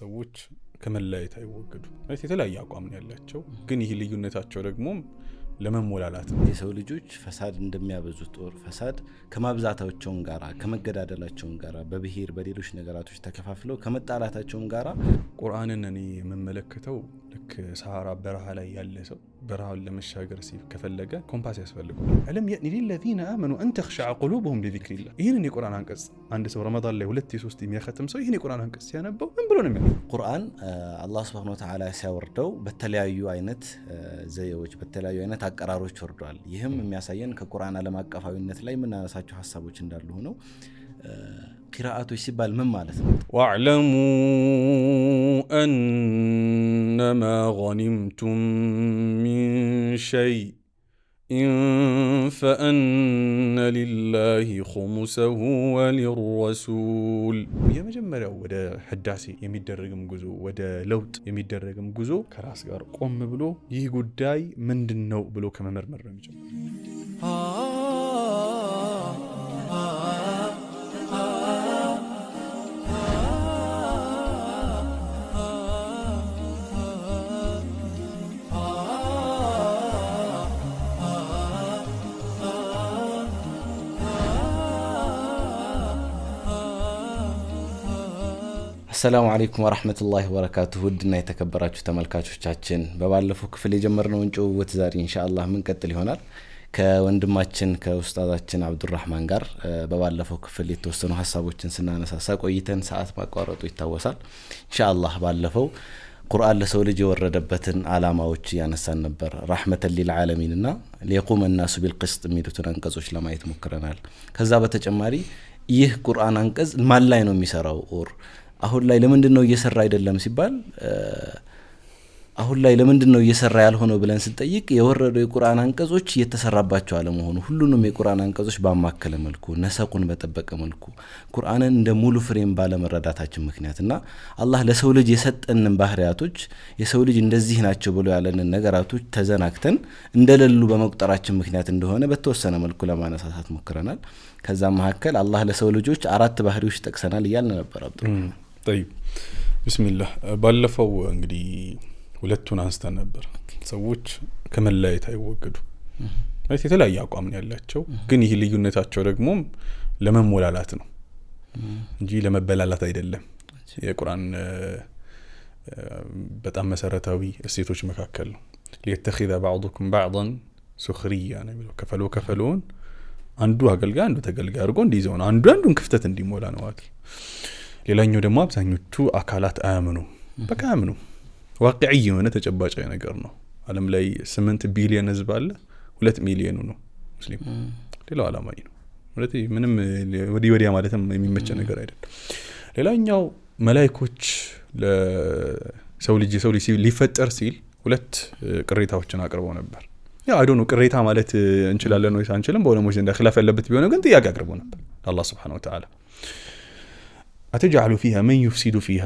ሰዎች ከመለያየት አይወገዱ ማለት የተለያየ አቋም ነው ያላቸው፣ ግን ይህ ልዩነታቸው ደግሞ ለመሞላላት ነው። የሰው ልጆች ፈሳድ እንደሚያበዙ ጦር ፈሳድ ከማብዛታቸውን ጋራ ከመገዳደላቸውን ጋራ በብሔር በሌሎች ነገራቶች ተከፋፍለው ከመጣላታቸውን ጋራ ቁርአንን እኔ የምመለከተው ልክ ሰሃራ በረሃ ላይ ያለ ሰው በረሃውን ለመሻገር ሲል ከፈለገ ኮምፓስ ያስፈልገዋል። አለም የእኒ ሊለዚነ አመኑ አን ተኽሸዐ ቁሉብሁም ሊዚክሪላህ። ይህንን የቁርአን አንቀጽ አንድ ሰው ረመዳን ላይ ሁለት የሶስት የሚያኸትም ሰው ይህን የቁርአን አንቀጽ ሲያነበው ምን ብሎ ነው የሚያ ቁርአን አላህ ስብሐነሁ ወተዓላ ሲያወርደው በተለያዩ አይነት ዘዬዎች በተለያዩ አይነት አቀራሮች ወርደዋል። ይህም የሚያሳየን ከቁርአን ዓለም አቀፋዊነት ላይ የምናነሳቸው ሀሳቦች እንዳሉ ሆነው ቂራአቶች ሲባል ምን ማለት ነው? ዋዕለሙ አነማ ገኒምቱም ሚን ሸይእን ፈአነ ሊላሂ ኹሙሰሁ ወሊረሱል። የመጀመሪያው ወደ ህዳሴ የሚደረግም ጉዞ ወደ ለውጥ የሚደረግም ጉዞ ከራስ ጋር ቆም ብሎ ይህ ጉዳይ ምንድን ነው ብሎ ከመመርመር ነው የሚጀምረው። አሰላሙ አለይኩም ወራህመቱላሂ ወበረካቱሁ ውድና የተከበራችሁ ተመልካቾቻችን በባለፈው ክፍል የጀመርነውን ጭውውት ዛሬ ኢንሻአላህ ምንቀጥል ይሆናል። ከወንድማችን ከኡስታዛችን አብዱራህማን ጋር በባለፈው ክፍል የተወሰኑ ሀሳቦችን ስናነሳሳ ቆይተን ሰዓት ማቋረጡ ይታወሳል። ኢንሻአላህ ባለፈው ቁርአን ለሰው ልጅ የወረደበትን አላማዎች እያነሳን ነበር። ራህመተን ሊልዓለሚን እና ሊየቁመ ናሱ ቢልቅስጥ የሚሉትን አንቀጾች ለማየት ሞክረናል። ከዛ በተጨማሪ ይህ ቁርአን አንቀጽ ማን ላይ ነው የሚሰራው ር አሁን ላይ ለምንድን ነው እየሰራ አይደለም ሲባል አሁን ላይ ለምንድን ነው እየሰራ ያልሆነው ብለን ስንጠይቅ የወረደው የቁርአን አንቀጾች እየተሰራባቸው አለመሆኑ፣ ሁሉንም የቁርአን አንቀጾች ባማከለ መልኩ ነሰቁን በጠበቀ መልኩ ቁርአንን እንደ ሙሉ ፍሬም ባለመረዳታችን ምክንያት እና አላህ ለሰው ልጅ የሰጠንን ባህሪያቶች የሰው ልጅ እንደዚህ ናቸው ብሎ ያለንን ነገራቶች ተዘናግተን እንደሌሉ በመቁጠራችን ምክንያት እንደሆነ በተወሰነ መልኩ ለማነሳሳት ሞክረናል። ከዛ መካከል አላህ ለሰው ልጆች አራት ባህሪዎች ጠቅሰናል እያልን ነበር። ጠይብ ብስሚላህ ባለፈው እንግዲህ ሁለቱን አንስተን ነበር። ሰዎች ከመለያየት አይወገዱ ማለት የተለያየ አቋም ነው ያላቸው፣ ግን ይህ ልዩነታቸው ደግሞ ለመሞላላት ነው እንጂ ለመበላላት አይደለም። የቁርአን በጣም መሰረታዊ እሴቶች መካከል ነው። ሊየተኪዘ ባዕዱኩም ባዕን ሱክርያ ነው የሚለው። ከፈሎ ከፈሎውን አንዱ አገልጋይ አንዱ ተገልጋይ አድርጎ እንዲይዘው ነው፣ አንዱ አንዱን ክፍተት እንዲሞላ ነው። ሌላኛው ደግሞ አብዛኞቹ አካላት አያምኑም። በቃ አያምኑም። ዋቅዒ የሆነ ተጨባጫዊ ነገር ነው። አለም ላይ ስምንት ቢሊዮን ህዝብ አለ። ሁለት ሚሊዮኑ ነው ሙስሊም፣ ሌላው አላማኝ ነው። ማለት ምንም ወዲህ ወዲያ ማለትም የሚመቸ ነገር አይደለም። ሌላኛው መላይኮች ለሰው ልጅ የሰው ልጅ ሊፈጠር ሲል ሁለት ቅሬታዎችን አቅርበው ነበር። ያ አይዶ ነው ቅሬታ ማለት እንችላለን ወይስ አንችልም በዑለሞች ዘንዳ ክላፍ ያለበት ቢሆነ ግን ጥያቄ አቅርበው ነበር ለአላ ስብን ተላ አተጃሉ ፊሃ መን ዩፍሲዱ ፊሃ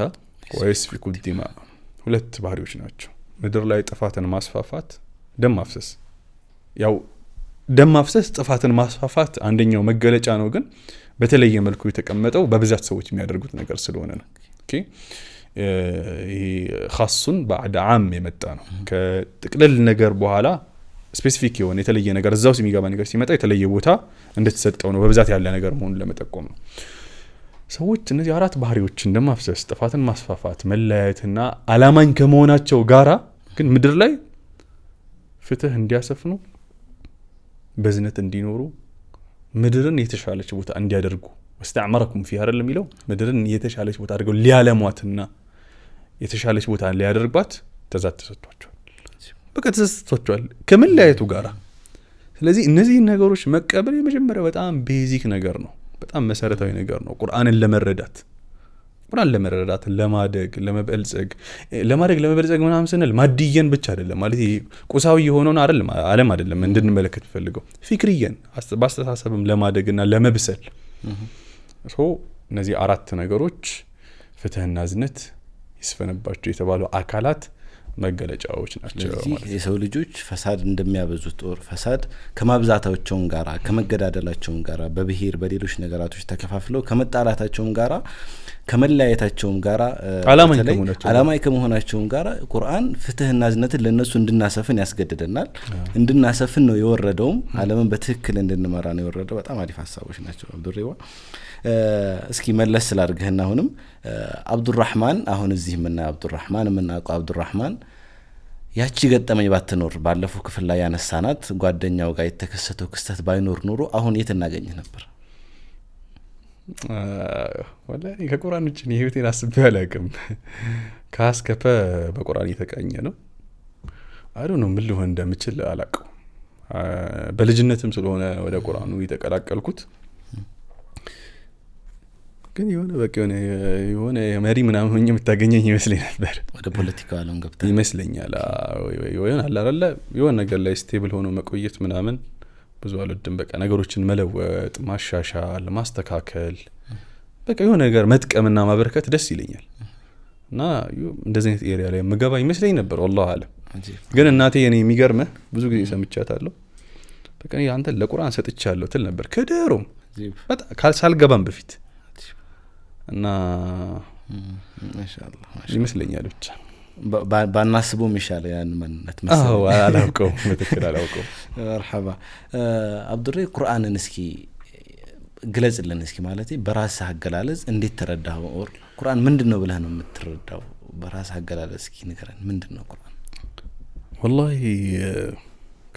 ወየስፊኩ ዲማ። ሁለት ባህሪዎች ናቸው። ምድር ላይ ጥፋትን ማስፋፋት፣ ደም ማፍሰስ። ያው ደም ማፍሰስ ጥፋትን ማስፋፋት አንደኛው መገለጫ ነው፣ ግን በተለየ መልኩ የተቀመጠው በብዛት ሰዎች የሚያደርጉት ነገር ስለሆነ ነው። ይሄ ካሱን በአድ ዓም የመጣ ነው። ከጥቅልል ነገር በኋላ ስፔሲፊክ የሆነ የተለየ ነገር እዛ ውስጥ የሚገባ ነገር ሲመጣ የተለየ ቦታ እንደተሰጠው ነው፣ በብዛት ያለ ነገር መሆኑን ለመጠቆም ነው። ሰዎች እነዚህ አራት ባህሪዎች እንደማፍሰስ ጥፋትን ማስፋፋት፣ መለያየትና አላማኝ ከመሆናቸው ጋራ ግን ምድር ላይ ፍትህ እንዲያሰፍኑ በዝነት እንዲኖሩ ምድርን የተሻለች ቦታ እንዲያደርጉ ወስተዕመረኩም ፊ አይደል የሚለው ምድርን የተሻለች ቦታ አድርገው ሊያለሟትና የተሻለች ቦታ ሊያደርጓት ትእዛዝ ተሰጥቷቸዋል። በቃ ተሰጥቷቸዋል ከመለያየቱ ጋራ። ስለዚህ እነዚህን ነገሮች መቀበል የመጀመሪያ በጣም ቤዚክ ነገር ነው። በጣም መሰረታዊ ነገር ነው። ቁርአንን ለመረዳት ቁርአን ለመረዳት ለማደግ፣ ለመበልጸግ ለማደግ ለመበልጸግ ምናምን ስንል ማድየን ብቻ አይደለም ማለት ቁሳዊ የሆነውን አይደለም ዓለም አይደለም እንድንመለከት ፈልገው ፊክርየን በአስተሳሰብም ለማደግና ለመብሰል እነዚህ አራት ነገሮች ፍትህና ዝነት ይስፈንባቸው የተባሉ አካላት መገለጫዎች ናቸው። የሰው ልጆች ፈሳድ እንደሚያበዙ ጦር ፈሳድ ከማብዛታቸውን ጋራ ከመገዳደላቸውን ጋራ በብሄር በሌሎች ነገራቶች ተከፋፍለው ከመጣላታቸውም ጋራ ከመለያየታቸውም ጋራ አላማይ ከመሆናቸውም ጋራ ቁርአን ፍትህና እዝነትን ለእነሱ እንድናሰፍን ያስገድደናል። እንድናሰፍን ነው የወረደውም አለምን በትክክል እንድንመራ ነው የወረደው። በጣም አሪፍ ሀሳቦች ናቸው ብሬዋ እስኪ መለስ ስላድርግህና አሁንም አብዱራህማን አሁን እዚህ የምናየው አብዱራህማን የምናውቀው አብዱራህማን ያቺ ገጠመኝ ባትኖር ባለፈው ክፍል ላይ ያነሳናት ጓደኛው ጋር የተከሰተው ክስተት ባይኖር ኖሮ አሁን የት እናገኝህ ነበር? ወላሂ ከቁራን ውጭ የህይወቴን አስቤ አላውቅም። ከአስከፈ በቁራን የተቃኘ ነው። አይ ነው ምን ልሆን እንደምችል አላውቅም። በልጅነትም ስለሆነ ወደ ቁራኑ የተቀላቀልኩት ግን የሆነ በቃ የሆነ የሆነ መሪ ምናምን ሆኜ የምታገኘኝ ይመስለኝ ነበር። ወደ ፖለቲካ ዓለም ገብታ ይመስለኛል ሆን አላለ የሆን ነገር ላይ ስቴብል ሆኖ መቆየት ምናምን ብዙ አልወድም። በቃ ነገሮችን መለወጥ፣ ማሻሻል፣ ማስተካከል በቃ የሆነ ነገር መጥቀምና ማበረከት ደስ ይለኛል እና እንደዚህ አይነት ኤሪያ ላይ የምገባ ይመስለኝ ነበር። ወላሂ አለም ግን እናቴ እኔ የሚገርመ ብዙ ጊዜ ሰምቻታለሁ። በቃ አንተ ለቁርአን ሰጥቻለሁ ትል ነበር ከደሮም ሳልገባም በፊት እና ይመስለኛል ብቻ ባናስቡም ይሻለ ያን ማንነት አላውቀው ምትክል አላውቀው። መርሐባ አብዱሬ፣ ቁርአንን እስኪ ግለጽልን እስኪ ማለት በራስ አገላለጽ እንዴት ተረዳኸው? ኦር ቁርአን ምንድን ነው ብለህ ነው የምትረዳው? በራስ አገላለጽ እስኪ ንገረን። ምንድን ነው ቁርአን? ወላሂ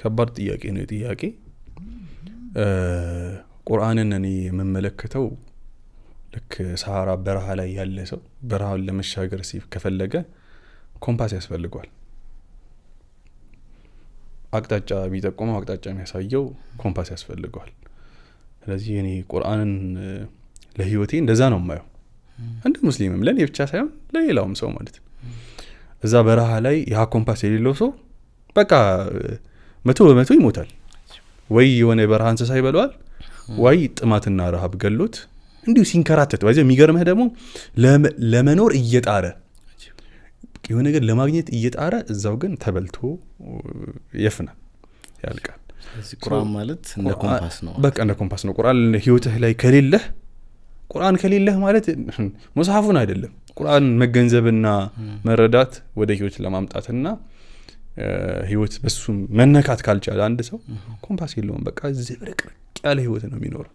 ከባድ ጥያቄ ነው። ጥያቄ ቁርአንን እኔ የምመለከተው ልክ ሰሃራ በረሃ ላይ ያለ ሰው በረሃውን ለመሻገር ሲ ከፈለገ ኮምፓስ ያስፈልገዋል። አቅጣጫ የሚጠቁመው አቅጣጫ የሚያሳየው ኮምፓስ ያስፈልገዋል። ስለዚህ እኔ ቁርአንን ለህይወቴ እንደዛ ነው የማየው፣ እንደ ሙስሊምም ለእኔ ብቻ ሳይሆን ለሌላውም ሰው ማለት ነው። እዛ በረሃ ላይ ያ ኮምፓስ የሌለው ሰው በቃ መቶ በመቶ ይሞታል። ወይ የሆነ የበረሃ እንስሳ ይበለዋል፣ ወይ ጥማትና ረሃብ ገሎት እንዲሁ ሲንከራተት ባይዘ የሚገርምህ ደግሞ ለመኖር እየጣረ የሆነ ነገር ለማግኘት እየጣረ እዛው ግን ተበልቶ የፍናል፣ ያልቃል። ቁርአን ማለት እንደ ኮምፓስ ነው። በቃ እንደ ኮምፓስ ነው። ቁርአን ህይወትህ ላይ ከሌለህ ቁርአን ከሌለህ ማለት መጽሐፉን አይደለም ቁርአን መገንዘብና መረዳት ወደ ህይወት ለማምጣትና ህይወት በሱም መነካት ካልቻለ አንድ ሰው ኮምፓስ የለውም። በቃ ዝብርቅርቅ ያለ ህይወት ነው የሚኖረው።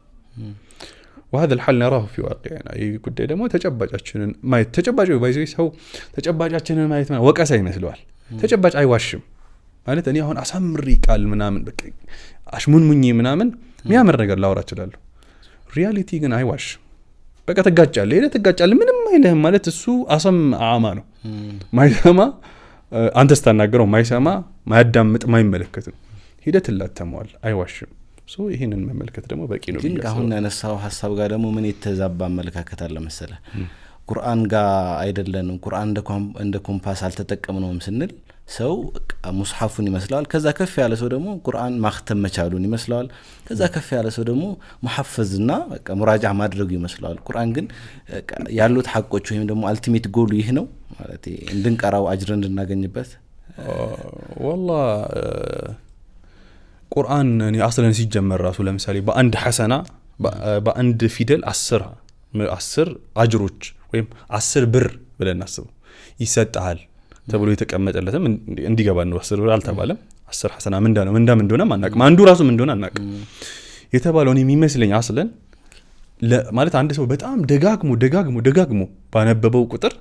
وهذا الحل نراه في ዋቅዕና ይህ ጉዳይ ደግሞ ተጨባጫችንን ማየት ተጨባጭ ባይዘ ሰው ተጨባጫችንን ማየት ወቀሳ ይመስለዋል። ተጨባጭ አይዋሽም ማለት እኔ አሁን አሳምሪ ቃል ምናምን አሽሙንሙኝ ምናምን ሚያምር ነገር ላውራ እችላለሁ። ሪያሊቲ ግን አይዋሽም። በቃ ትጋጫለህ፣ ሄደህ ትጋጫለህ። ምንም አይልህም ማለት እሱ አሰም አማ ነው ማይሰማ አንተ ስታናገረው ማይሰማ ማያዳምጥ ማይመለከት ነው። ሂደህ ትላተመዋል። አይዋሽም። ይህንን መመልከት ደግሞ በቂ ነው። ግን አሁን ያነሳው ሀሳብ ጋር ደግሞ ምን የተዛባ አመለካከት አለ መሰለ ቁርአን ጋር አይደለንም፣ ቁርአን እንደ ኮምፓስ አልተጠቀምነውም ስንል ሰው ሙስሐፉን ይመስለዋል። ከዛ ከፍ ያለ ሰው ደግሞ ቁርአን ማክተም መቻሉን ይመስለዋል። ከዛ ከፍ ያለ ሰው ደግሞ መሐፈዝና ሙራጃ ማድረጉ ይመስለዋል። ቁርአን ግን ያሉት ሀቆች ወይም ደግሞ አልቲሜት ጎሉ ይህ ነው ማለት እንድንቀራው አጅር እንድናገኝበት ወላ ቁርአን አስለን ሲጀመር ራሱ ለምሳሌ በአንድ ሐሰና በአንድ ፊደል አስር አስር አጅሮች ወይም አስር ብር ብለን እናስቡ ይሰጠሃል ተብሎ የተቀመጠለትም እንዲገባ ነው። አስር ብር አልተባለም። አስር ሐሰና ምንዳ ነው። ምንዳም እንደሆነ አናቅም። አንዱ ራሱ እንደሆነ አናቅም። የተባለውን የሚመስለኝ አስለን ማለት አንድ ሰው በጣም ደጋግሞ ደጋግሞ ደጋግሞ ባነበበው ቁጥር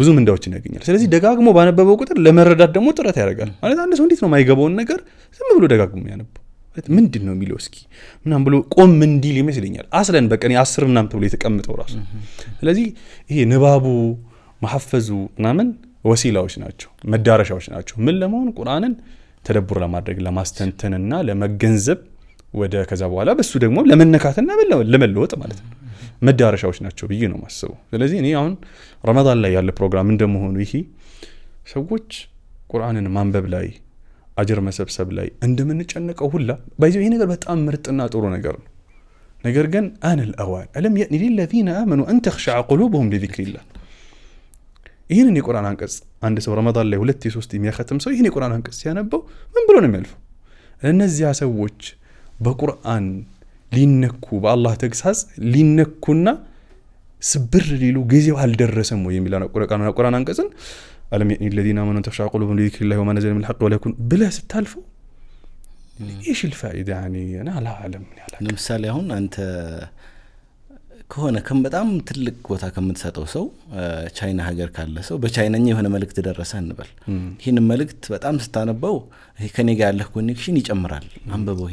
ብዙ ምንዳዎችን ያገኛል። ስለዚህ ደጋግሞ ባነበበው ቁጥር ለመረዳት ደግሞ ጥረት ያደርጋል። ማለት አንድ ሰው እንዴት ነው የማይገባውን ነገር ዝም ብሎ ደጋግሞ ያነበው ማለት ምንድን ነው የሚለው እስኪ ምናም ብሎ ቆም እንዲል ይመስለኛል። አስለን በቀን አስር ምናምን ተብሎ የተቀምጠው ራሱ። ስለዚህ ይሄ ንባቡ መሐፈዙ ምናምን ወሲላዎች ናቸው፣ መዳረሻዎች ናቸው። ምን ለመሆን ቁርአንን ተደቡር ለማድረግ ለማስተንተንና ለመገንዘብ ወደ ከዛ በኋላ በሱ ደግሞ ለመነካትና ለመለወጥ ማለት ነው። መዳረሻዎች ናቸው ብዬ ነው ማስበው። ስለዚህ እኔ አሁን ረመዳን ላይ ያለ ፕሮግራም እንደመሆኑ ይሄ ሰዎች ቁርአንን ማንበብ ላይ አጅር መሰብሰብ ላይ እንደምንጨነቀው ሁላ ባይዘው ይሄ ነገር በጣም ምርጥና ጥሩ ነገር ነው። ነገር ግን አነል አዋን አለም የእኒ ሊለዚነ አመኑ አን ተኽሸዐ ቁሉብሁም ሊዚክሪላህ። ይህንን የቁርአን አንቀጽ አንድ ሰው ረመዳን ላይ ሁለት የሶስት የሚያከትም ሰው ይህን የቁርአን አንቀጽ ሲያነበው ምን ብሎ ነው የሚያልፈው? እነዚያ ሰዎች በቁርአን ሊነኩ በአላህ ተግሳጽ ሊነኩና ስብር ሊሉ ጊዜው አልደረሰም ወይ የሚለና ቁርአን አንቀጽን አለም የኒ ለዚነ አመኑ ተፍሻ ቁሉብም ሊዚክሪላሂ ወማ ነዘለ ሚነል ሐቅ ወለይኩን ብለህ ስታልፈው ايش الفائده يعني انا لا اعلم لمثال هون انت ከሆነ በጣም ትልቅ ቦታ ከምትሰጠው ሰው ቻይና ሀገር ካለ ሰው በቻይናኛ የሆነ መልእክት ደረሰ እንበል። ይህን መልእክት በጣም ስታነበው ከኔ ጋር ያለህ ኮኔክሽን ይጨምራል። አንበበው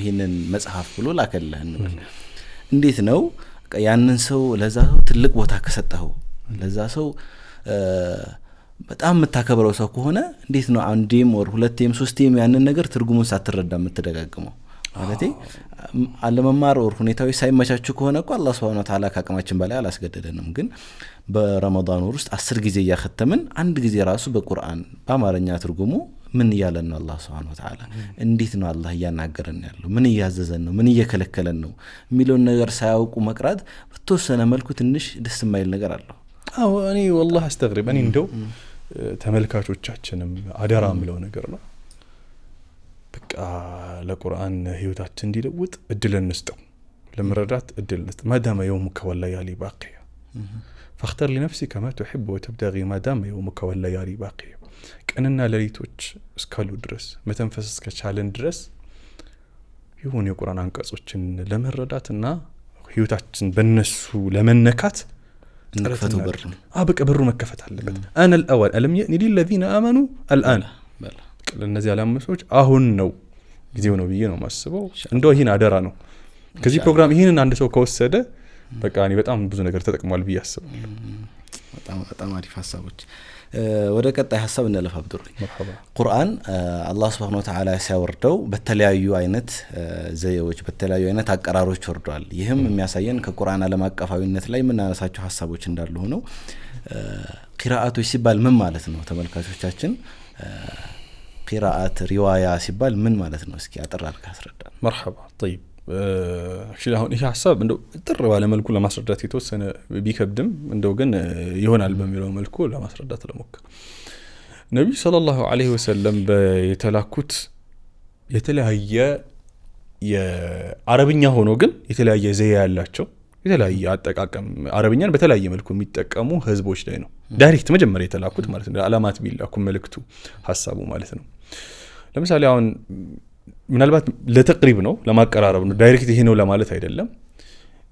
ይህንን መጽሐፍ ብሎ ላከልህ እንበል። እንዴት ነው ያንን ሰው ለዛ ሰው ትልቅ ቦታ ከሰጠኸው፣ ለዛ ሰው በጣም የምታከብረው ሰው ከሆነ እንዴት ነው አንዴም ወር ሁለቴም ሶስቴም ያንን ነገር ትርጉሙን ሳትረዳ የምትደጋግመው? ማለት አለመማር ወር ሁኔታዎች ሳይመቻችሁ ከሆነ እኮ አላህ ሱብሃነሁ ወተዓላ ከአቅማችን በላይ አላስገደደንም። ግን በረመዳን ወር ውስጥ አስር ጊዜ እያከተምን አንድ ጊዜ ራሱ በቁርአን በአማርኛ ትርጉሙ ምን እያለን ነው? አላህ ስብሃነ ወተዓላ እንዴት ነው አላህ እያናገረን ያለው? ምን እያዘዘን ነው? ምን እየከለከለን ነው? የሚለውን ነገር ሳያውቁ መቅራት በተወሰነ መልኩ ትንሽ ደስ የማይል ነገር አለው። አዎ እኔ ወላሂ አስተግሪብ እኔ እንደው ተመልካቾቻችንም አደራ ምለው ነገር ነው በቃ ለቁርአን ህይወታችን እንዲለውጥ እድል እንስጠው፣ ለመረዳት እድል እንስጠው። ማዳመ የውሙከ ወለያሊ ባቂያ ፈክተር ሊነፍሲከ ማ ትሕብ ወተብተጊ ማዳመ የውሙከ ወለያሊ ባቂያ ቀንና ሌሊቶች እስካሉ ድረስ መተንፈስ እስከቻለን ድረስ የሆኑ የቁርአን አንቀጾችን ለመረዳትና ህይወታችን በነሱ ለመነካት እንክፈቱ በር በቃ በሩ መከፈት አለበት። አነ ልአዋል አለም የእኒ ሊለዚነ አመኑ አልአን ለእነዚህ አላመኑ ሰዎች አሁን ነው ጊዜው ነው ብዬ ነው የማስበው። እንደው ይህን አደራ ነው ከዚህ ፕሮግራም ይህንን አንድ ሰው ከወሰደ በቃ እኔ በጣም ብዙ ነገር ተጠቅሟል ብዬ አስባለሁ። በጣም አሪፍ ሀሳቦች። ወደ ቀጣይ ሀሳብ እንለፍ። አብዱሪ ቁርአን አላህ ስብሃነ ወተዓላ ሲያወርደው በተለያዩ አይነት ዘዬዎች በተለያዩ አይነት አቀራሮች ወርዷል። ይህም የሚያሳየን ከቁርአን ዓለም አቀፋዊነት ላይ የምናነሳቸው ሀሳቦች እንዳሉ ሆነው ቂራአቶች ሲባል ምን ማለት ነው? ተመልካቾቻችን ቂራአት ሪዋያ ሲባል ምን ማለት ነው? እስኪ አጠር አድርገህ መርሐባ ጠይብ። አክቹዋሊ አሁን ይህ ሀሳብ እንደው ጥር ባለ መልኩ ለማስረዳት የተወሰነ ቢከብድም እንደው ግን ይሆናል በሚለው መልኩ ለማስረዳት ለሞክር። ነቢዩ ሰለላሁ ዐለይሂ ወሰለም የተላኩት የተለያየ የአረብኛ ሆኖ ግን የተለያየ ዘዬ ያላቸው የተለያየ አጠቃቀም አረብኛን በተለያየ መልኩ የሚጠቀሙ ህዝቦች ላይ ነው ዳይሬክት መጀመሪያ የተላኩት ማለት ነው። ለዓላማት ቢላኩም መልእክቱ ሀሳቡ ማለት ነው። ለምሳሌ አሁን ምናልባት ለተቅሪብ ነው ለማቀራረብ ነው ዳይሬክት ይሄ ነው ለማለት አይደለም።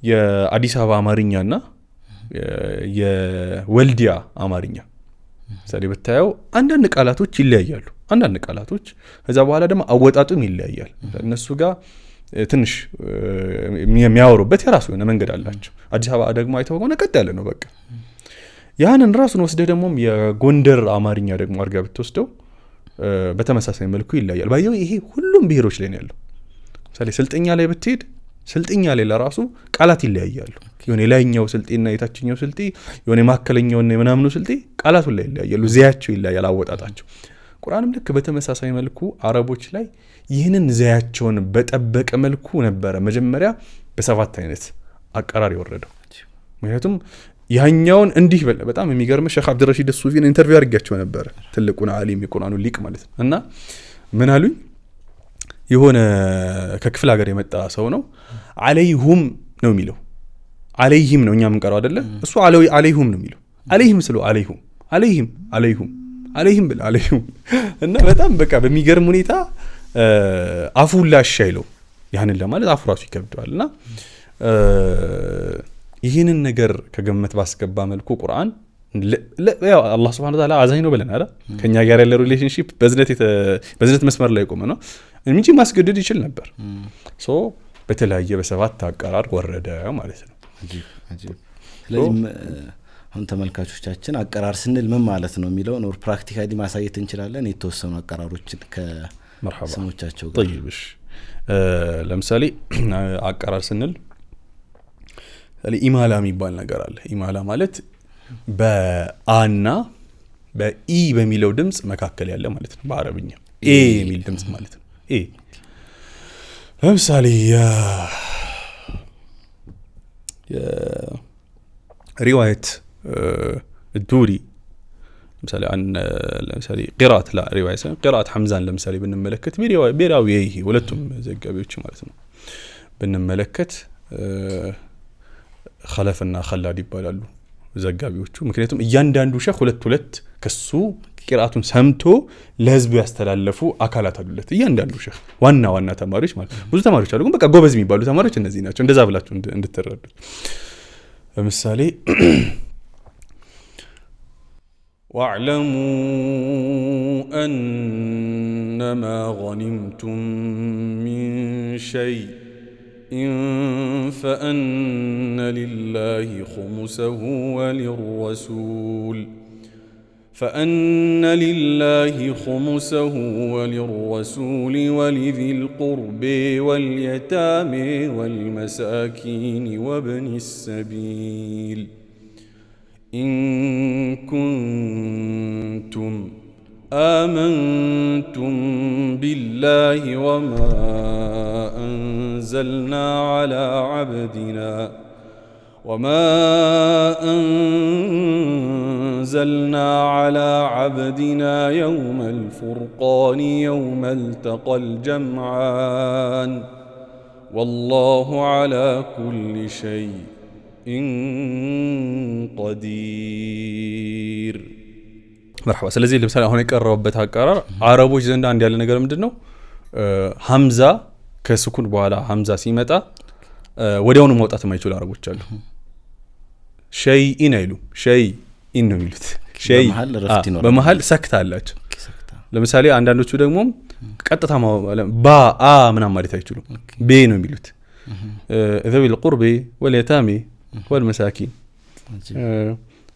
የአዲስ አበባ አማርኛና የወልዲያ አማርኛ ምሳሌ ብታየው አንዳንድ ቃላቶች ይለያያሉ። አንዳንድ ቃላቶች ከዛ በኋላ ደግሞ አወጣጡም ይለያያል። እነሱ ጋር ትንሽ የሚያወሩበት የራሱ የሆነ መንገድ አላቸው። አዲስ አበባ ደግሞ አይተው ከሆነ ቀጥ ያለ ነው በቃ። ያንን ራሱን ወስደህ ደግሞ የጎንደር አማርኛ ደግሞ አድርጋ ብትወስደው በተመሳሳይ መልኩ ይለያል። ባየው ይሄ ሁሉም ብሄሮች ላይ ነው ያለው። ምሳሌ ስልጥኛ ላይ ብትሄድ ስልጥኛ ላይ ለራሱ ቃላት ይለያያሉ። የሆነ የላይኛው ስልጤና የታችኛው ስልጤ የሆነ የማከለኛውና የምናምኑ ስልጤ ቃላቱን ላይ ይለያያሉ። ዘያቸው ይለያል፣ አወጣጣቸው። ቁርአንም ልክ በተመሳሳይ መልኩ አረቦች ላይ ይህንን ዘያቸውን በጠበቀ መልኩ ነበረ መጀመሪያ በሰባት አይነት አቀራር የወረደው ምክንያቱም ያኛውን እንዲህ በለ። በጣም የሚገርም ሼክ አብድረሺድ ሱፊን ኢንተርቪው አድርጊያቸው ነበረ፣ ትልቁን አሊም የቁርአኑ ሊቅ ማለት ነው። እና ምን አሉኝ፣ የሆነ ከክፍለ ሀገር የመጣ ሰው ነው። አለይሁም ነው የሚለው አለይህም ነው እኛ የምንቀረው አደለ እሱ አለይሁም ነው የሚለው አለይህም ስለ አለይሁም አለይህም አለይሁም አለይህም ብለ አለይሁም እና በጣም በቃ በሚገርም ሁኔታ አፉ ላሻ ይለው ያንን ለማለት አፉ ራሱ ይከብደዋል እና ይህንን ነገር ከግምት ባስገባ መልኩ ቁርአን አላህ ስብሐነ ወተዓላ አዛኝ ነው ብለን ከእኛ ጋር ያለ ሪሌሽንሽፕ በዝነት መስመር ላይ ቆመ ነው እንጂ ማስገደድ ይችል ነበር። በተለያየ በሰባት አቀራር ወረደ ማለት ነው። ስለዚህ አሁን ተመልካቾቻችን አቀራር ስንል ምን ማለት ነው የሚለውን ኖር ፕራክቲካሊ ማሳየት እንችላለን። የተወሰኑ አቀራሮችን ከስሞቻቸው ጋር ለምሳሌ አቀራር ስንል ኢማላ የሚባል ነገር አለ። ኢማላ ማለት በአና በኢ በሚለው ድምፅ መካከል ያለ ማለት ነው። በአረብኛ ኤ የሚል ድምፅ ማለት ነው። ኤ ለምሳሌ ሪዋየት ዱሪ ለምሳሌ ሐምዛን ለምሳሌ ብንመለከት ብሔራዊ ይሄ ሁለቱም ዘጋቢዎች ማለት ነው ብንመለከት ከለፍና ከላድ ይባላሉ ዘጋቢዎቹ። ምክንያቱም እያንዳንዱ ሸህ ሁለት ሁለት ከሱ ቂርአቱን ሰምቶ ለህዝቡ ያስተላለፉ አካላት አሉለት። እያንዳንዱ ሸህ ዋና ዋና ተማሪዎች ማለት ብዙ ተማሪዎች አሉ፣ ግን በቃ ጎበዝ የሚባሉ ተማሪዎች እነዚህ ናቸው። እንደዛ ብላችሁ እንድትረዱት ለምሳሌ ዋዕለሙ አነማ ገኒምቱም ሚን ሸይ إن فأن لله خمسه وللرسول فأن لله خمسه وللرسول ولذي القرب واليتامى والمساكين وابن السبيل إن كنتم امنتم بالله وما انزلنا على عبدنا وما انزلنا على عبدنا يوم الفرقان يوم التقى الجمعان والله على كل شيء قدير መርሐባ። ስለዚህ ለምሳሌ አሁን የቀረበበት አቀራር አረቦች ዘንድ አንድ ያለ ነገር ምንድን ነው? ሀምዛ ከስኩን በኋላ ሀምዛ ሲመጣ ወዲያውኑ ማውጣት የማይችሉ አረቦች አሉ። ሸይኢን አይሉ ሸይኢን ነው የሚሉት። በመሀል ሰክታ አላቸው። ለምሳሌ አንዳንዶቹ ደግሞ ቀጥታ ባ አ ምናም ማለት አይችሉም። ቤ ነው የሚሉት። ዘዊ ልቁርቤ ወልየታሜ ወልመሳኪን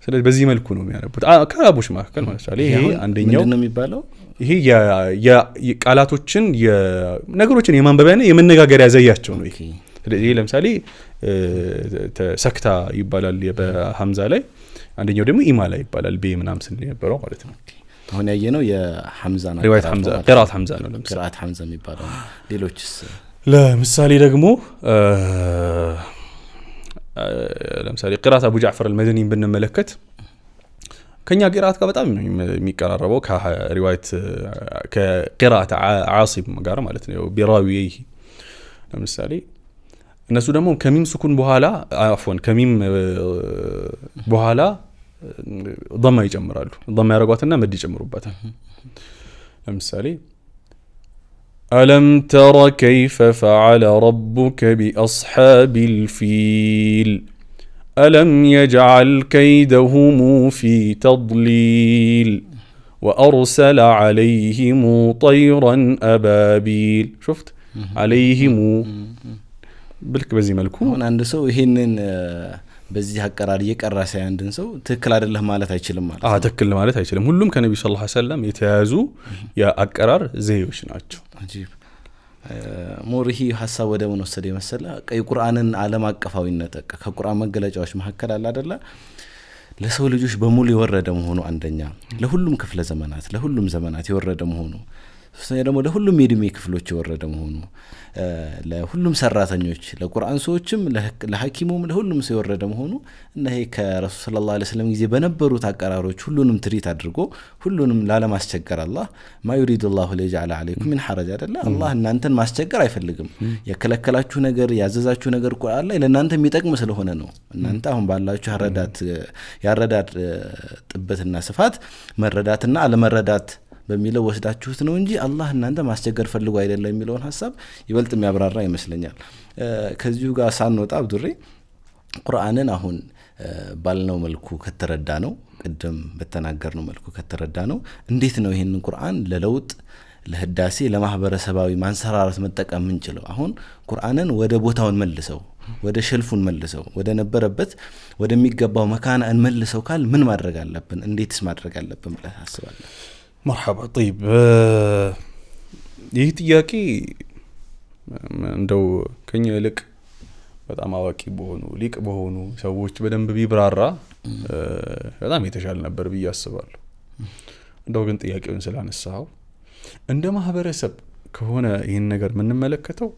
ስለዚህ በዚህ መልኩ ነው የሚያነቡት ከአቦች መካከል ማለት ይቻላል። ይሄ አንደኛው የሚባለው። ይሄ ቃላቶችን ነገሮችን የማንበቢያና የመነጋገሪያ ዘያቸው ነው። ስለዚህ ለምሳሌ ሰክታ ይባላል በሀምዛ ላይ፣ አንደኛው ደግሞ ኢማላ ይባላል ቤ ምናም ስንል የነበረው ማለት ነው። አሁን ያየ ነው የሐምዛ ነው ቅራት ሐምዛ ነው ለምሳሌ ቅራት የሚባለው ሌሎችስ ለምሳሌ ደግሞ ለምሳሌ ቅራት አቡ ጃዕፈር አልመደኒን ብንመለከት ከኛ ቅራት ጋር በጣም የሚቀራረበው ከሪዋየት ከቅራት ዓሲብ ጋር ማለት ነው። ቢራዊ ለምሳሌ እነሱ ደግሞ ከሚም ስኩን በኋላ አፎን ከሚም በኋላ ማ ይጨምራሉ። ማ ያደረጓትና መድ ይጨምሩበታል። ለምሳሌ الم تر كيف فعل ربك باصحاب الفيل الم يجعل كيدهم في تضليل وارسل عليهم طيرا ابابيل شفت عليهم بالك بزي ملكو انا عند سو ይሄንን በዚህ አቀራር እየቀራ ሳይ አንድን ሰው ትክክል አይደለም ማለት አይችልም ማለት ነው። ትክክል ማለት አይችልም። ሁሉም ከነቢዩ ሰለላሁ ዐለይሂ ወሰለም የአቀራር ዘዎች ናቸው። ሞር ይህ ሀሳብ ወደ ምን ወሰደ የመሰለ የቁርአንን አለም አቀፋዊነት ከቁርአን መገለጫዎች መካከል አለ አደለ ለሰው ልጆች በሙሉ የወረደ መሆኑ አንደኛ፣ ለሁሉም ክፍለ ዘመናት ለሁሉም ዘመናት የወረደ መሆኑ ሶስተኛ ደግሞ ለሁሉም የእድሜ ክፍሎች የወረደ መሆኑ ለሁሉም ሰራተኞች፣ ለቁርአን ሰዎችም፣ ለሐኪሙም፣ ለሁሉም ሰው የወረደ መሆኑ እና ይሄ ከረሱል ሰለላሁ ዐለይሂ ወሰለም ጊዜ በነበሩት አቀራሮች ሁሉንም ትሪት አድርጎ ሁሉንም ላለማስቸገር አላህ ማ ዩሪድ ላሁ ሊየጅዐለ ዐለይኩም ሚን ሐረጅ አይደለ አላህ እናንተን ማስቸገር አይፈልግም። የከለከላችሁ ነገር ያዘዛችሁ ነገር ቁርአን ላይ ለእናንተ የሚጠቅም ስለሆነ ነው። እናንተ አሁን ባላችሁ ያረዳድ ጥበትና ስፋት መረዳትና አለመረዳት በሚለው ወስዳችሁት ነው እንጂ አላህ እናንተ ማስቸገር ፈልጎ አይደለም የሚለውን ሀሳብ ይበልጥ የሚያብራራ ይመስለኛል። ከዚሁ ጋር ሳንወጣ አብዱሬ ቁርአንን አሁን ባልነው መልኩ ከተረዳ ነው ቅድም በተናገርነው መልኩ ከተረዳ ነው እንዴት ነው ይህንን ቁርአን ለለውጥ ለህዳሴ ለማህበረሰባዊ ማንሰራራት መጠቀም ምንችለው? አሁን ቁርአንን ወደ ቦታውን መልሰው ወደ ሸልፉን መልሰው ወደ ነበረበት ወደሚገባው መካና እንመልሰው ካል ምን ማድረግ አለብን? እንዴትስ ማድረግ አለብን ብለህ ታስባለህ? መርሓባ ጠይብ ይህ ጥያቄ እንደው ከኛ ይልቅ በጣም አዋቂ በሆኑ ሊቅ በሆኑ ሰዎች በደንብ ቢብራራ በጣም የተሻለ ነበር ብዬ አስባለሁ። እንደው ግን ጥያቄውን ስላነሳው እንደ ማህበረሰብ ከሆነ ይህን ነገር የምንመለከተው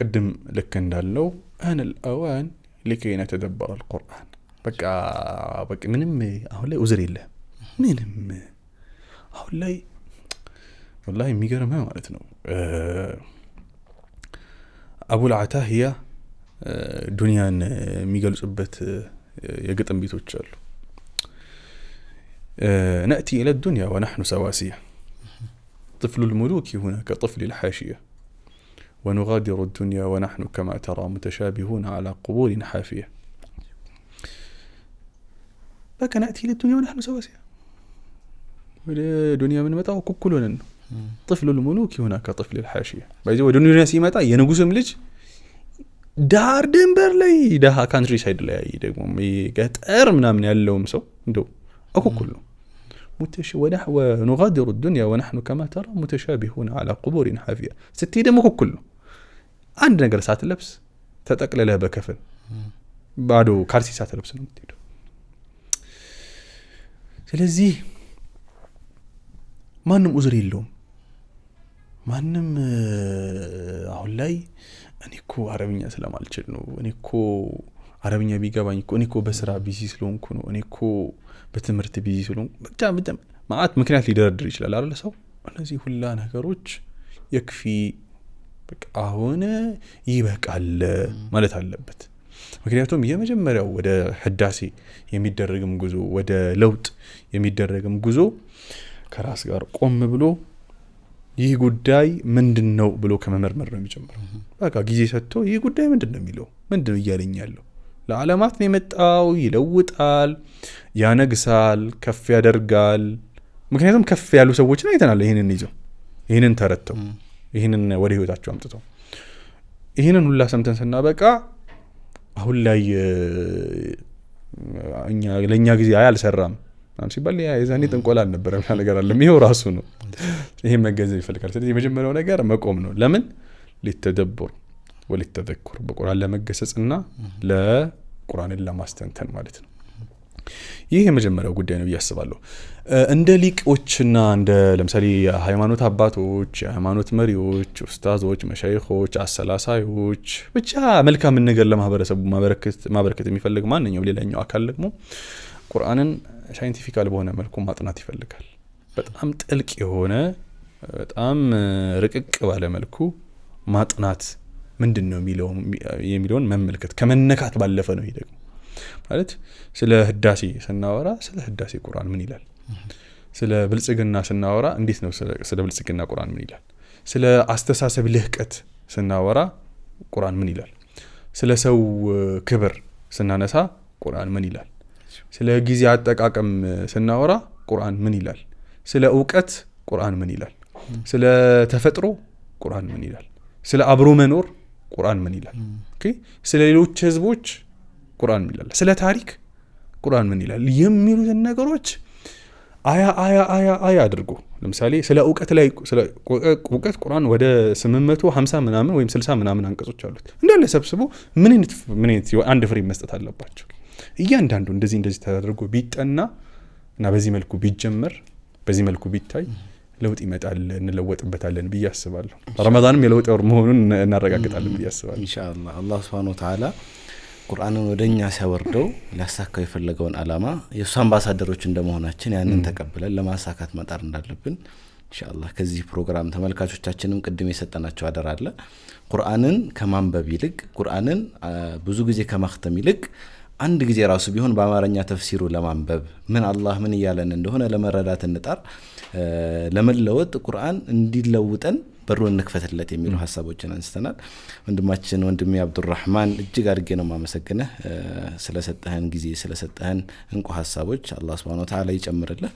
ቅድም ልክ እንዳለው አህን አዋን ሊከይ ነተደበር አልቁርአን በቃ በቃ ምንም አሁን ላይ ውዝር የለህም ምንም አሁን ላይ ወላ የሚገርመ ማለት ነው አቡልዓታ ህያ ዱኒያን የሚገልጹበት የግጥም ቤቶች አሉ ناتي الى الدنيا ونحن سواسية طفل الملوك هنا كطفل الحاشيه ونغادر الدنيا ونحن كما ترى متشابهون على قبور حافيه ناتي الى الدنيا ونحن سواسية دنيا من متى وكلنا طفل الملوك هناك طفل الحاشيه بعدين ودنيا سيمتا ينقص ملج دار دنبر لي دها كانتري سايد لي اي دغمو مي قطر منا من يالوم سو ندو اكو كله متش ونح ونغادر الدنيا ونحن كما ترى متشابهون على قبور حافيه ستي دمو كله عند نقر سات اللبس تتقل له بكفل بعدو كارسي ساعه اللبس نمتيدو سلازي ማንም ዑዝር የለውም። ማንም አሁን ላይ እኔ እኮ አረብኛ ስለማልችል ነው፣ እኔ እኮ አረብኛ ቢገባኝ እኮ፣ እኔ እኮ በስራ ቢዚ ስለሆንኩ ነው፣ እኔ እኮ በትምህርት ቢዚ ስለሆንኩ ብቻ ብቻ ማአት ምክንያት ሊደረድር ይችላል አይደል ሰው። እነዚህ ሁላ ነገሮች የክፊ በቃ አሁን ይበቃል ማለት አለበት። ምክንያቱም የመጀመሪያው ወደ ህዳሴ የሚደረግም ጉዞ ወደ ለውጥ የሚደረግም ጉዞ ከራስ ጋር ቆም ብሎ ይህ ጉዳይ ምንድን ነው ብሎ ከመመርመር ነው የሚጀምረው። በቃ ጊዜ ሰጥቶ ይህ ጉዳይ ምንድን ነው የሚለው ምንድን ነው እያለኝ ያለው ለዓለማት ነው የመጣው። ይለውጣል፣ ያነግሳል፣ ከፍ ያደርጋል። ምክንያቱም ከፍ ያሉ ሰዎችን አይተናል። ይህንን ይዘው ይህንን ተረተው ይህንን ወደ ህይወታቸው አምጥተው ይህንን ሁላ ሰምተን ስናበቃ አሁን ላይ ለእኛ ጊዜ አይ አልሰራም ምናምን ሲባል የዛኔ ጥንቆላ አልነበረም ነገር አለም ይኸው ራሱ ነው። ይሄ መገንዘብ ይፈልጋል። ስለዚህ የመጀመሪያው ነገር መቆም ነው። ለምን ሊተደብር ወሊተዘኩር በቁርአን ለመገሰጽና ለቁርአንን ለማስተንተን ማለት ነው። ይህ የመጀመሪያው ጉዳይ ነው ብዬ አስባለሁ። እንደ ሊቆችና እንደ ለምሳሌ የሃይማኖት አባቶች፣ የሃይማኖት መሪዎች፣ ኡስታዞች፣ መሻይኾች፣ አሰላሳዮች ብቻ መልካምን ነገር ለማህበረሰቡ ማበረከት የሚፈልግ ማንኛውም ሌላኛው አካል ደግሞ ቁርአንን ሳይንቲፊካል በሆነ መልኩ ማጥናት ይፈልጋል። በጣም ጥልቅ የሆነ በጣም ርቅቅ ባለ መልኩ ማጥናት ምንድን ነው የሚለውን መመልከት ከመነካት ባለፈ ነው። ደግሞ ማለት ስለ ህዳሴ ስናወራ ስለ ህዳሴ ቁርአን ምን ይላል? ስለ ብልጽግና ስናወራ እንዴት ነው ስለ ብልጽግና ቁርአን ምን ይላል? ስለ አስተሳሰብ ልህቀት ስናወራ ቁርአን ምን ይላል? ስለ ሰው ክብር ስናነሳ ቁርአን ምን ይላል? ስለ ጊዜ አጠቃቀም ስናወራ ቁርአን ምን ይላል? ስለ እውቀት ቁርአን ምን ይላል? ስለ ተፈጥሮ ቁርአን ምን ይላል? ስለ አብሮ መኖር ቁርአን ምን ይላል? ስለ ሌሎች ህዝቦች ቁርአን ምን ይላል? ስለ ታሪክ ቁርአን ምን ይላል? የሚሉትን ነገሮች አያ አያ አያ አያ አድርጎ ለምሳሌ ስለ እውቀት ላይ ስለ እውቀት ቁርአን ወደ 850 ምናምን ወይም 60 ምናምን አንቀጾች አሉት። እንዳለ ሰብስቦ ምን አይነት አንድ ፍሬ መስጠት አለባቸው? እያንዳንዱ እንደዚህ እንደዚህ ተደርጎ ቢጠና እና በዚህ መልኩ ቢጀመር በዚህ መልኩ ቢታይ ለውጥ ይመጣል፣ እንለወጥበታለን ብዬ አስባለሁ። ረመዛንም የለውጥ ወር መሆኑን እናረጋግጣለን ብዬ አስባለሁ። ኢንሻአላህ አላህ ሱብሓነሁ ወተዓላ ቁርአንን ወደ እኛ ሲያወርደው ሊያሳካው የፈለገውን አላማ የእሱ አምባሳደሮች እንደመሆናችን ያንን ተቀብለን ለማሳካት መጣር እንዳለብን ኢንሻአላህ ከዚህ ፕሮግራም ተመልካቾቻችንም ቅድም የሰጠናቸው አደራ አለ ቁርአንን ከማንበብ ይልቅ ቁርአንን ብዙ ጊዜ ከማክተም ይልቅ አንድ ጊዜ ራሱ ቢሆን በአማርኛ ተፍሲሩ ለማንበብ ምን አላህ ምን እያለን እንደሆነ ለመረዳት እንጣር። ለመለወጥ ቁርአን እንዲለውጠን በሩ እንክፈትለት የሚሉ ሀሳቦችን አንስተናል። ወንድማችን ወንድሜ አብዱራህማን እጅግ አድርጌ ነው ማመሰግነህ ስለሰጠህን ጊዜ ስለሰጠህን እንቁ ሀሳቦች። አላህ ስብሃነ ወተዓላ ይጨምርልህ።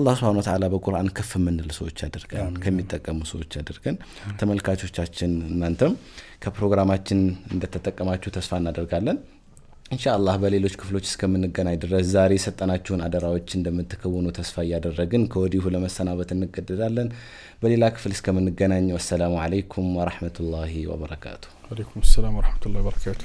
አላህ ስብሃነ ወተዓላ በቁርአን ከፍ የምንል ሰዎች አድርገን ከሚጠቀሙ ሰዎች አድርገን። ተመልካቾቻችን እናንተም ከፕሮግራማችን እንደተጠቀማችሁ ተስፋ እናደርጋለን። እንሻላህ በሌሎች ክፍሎች እስከምንገናኝ ድረስ ዛሬ የሰጠናችሁን አደራዎች እንደምትከውኑ ተስፋ እያደረግን ከወዲሁ ለመሰናበት እንገደዳለን። በሌላ ክፍል እስከምንገናኝ ወሰላሙ አለይኩም ወረህመቱላሂ ወበረካቱ። አለይኩም ሰላም ወረህመቱላሂ ወበረካቱ።